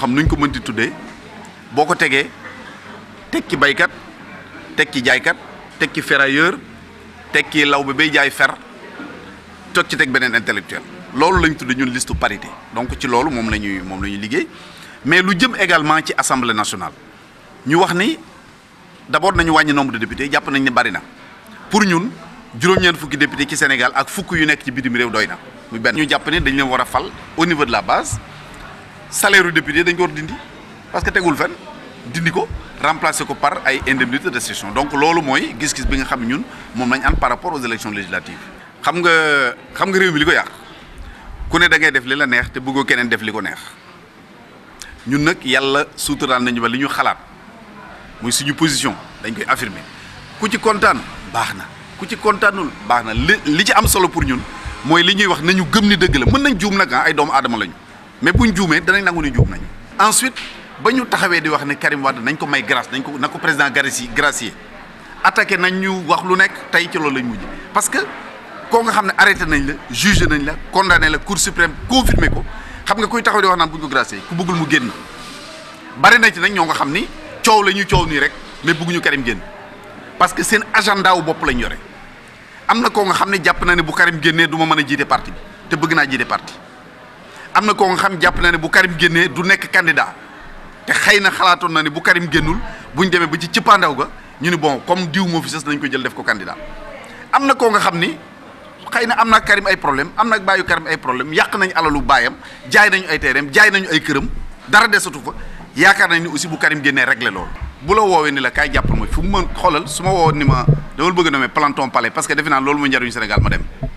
xam ñu ko mënti tuddee boo ko tegee teg ci baykat teg ci jaaykat teg ci ferrailleur teg ci law ba bay jaay fer toog ci teg beneen intellectuel loolu lañ tudd ñun liste parité donc ci loolu moom la ñuy moom la ñuy liggéey mais lu jëm également ci assemblée nationale ñu wax ni d'abord nañu wàññi nombre de députés jàpp nañ ne bari na pour ñun juróom-ñeent fukki député ci Sénégal ak fukk yu nekk ci bitim réew doy na. muy benn ñu jàpp ne dañu leen war a fal au niveau de la base. salaire yu député dañ ko war dindi parce que tegul fenn dindi ko remplacer ko par ay indemnité de session donc loolu mooy gis-gis bi nga xam ne ñun moom lañ am par rapport aux élections législatives xam nga xam nga réew mi li ko yàq ku ne da ngay def li la neex te bëggoo keneen def li ko neex ñun nag yàlla suuturaal nañu ba li ñu xalaat muy suñu position dañ koy affirmer ku ci kontaan baax na ku ci kontaanul baax na li li ci am solo pour ñun mooy li ñuy wax nañu gëm ni dëgg la mën nañ juum nag ah, ay doomu aadama lañu. mais bu ñu juumee danañ nangu ni juum nañ ensuite ba ñu taxawee di wax ne Karim Wade nañ ko may grace nañ ko na ko président gracier gracier attaqué nañ ñu wax lu nekk tey ci loolu lañ mujj parce que koo nga xam ne arrêté nañ la jugé nañ la condamné la cour suprême confirmé ko xam nga kuy taxaw di wax naan buñ ko gracier ku bëggul mu génn bari nañ ci nañ ñoo nga xam ni coow la ñuy coow nii rek mais bëgguñu Karim génn parce que seen agenda wu bopp lañ yore am na koo nga xam ne jàpp na ne bu Karim génnee du ma mën a jiite parti te bëgg naa jiite parti am na koo nga xam jàpp na ne bu Karim génnee du nekk candidat te xëy na xalaatoon na ne bu Karim génnul bu ñu demee ba ci cëppaandaw ga ñu ni bon comme diw moo fi sës nañ ko jël def ko candidat am na koo nga xam ni xëy na am na Karim ay problème am na baayu Karim ay problème yàq nañ alalu baayam jaay nañu ay teereem jaay nañu ay këram dara desatu fa yaakaar nañ ni aussi bu Karim génnee réglé loolu. bu la woowee ni la kaay jàppal ma fu mu mën xoolal ma a loolu mooy njariñu Sénégal ma dem.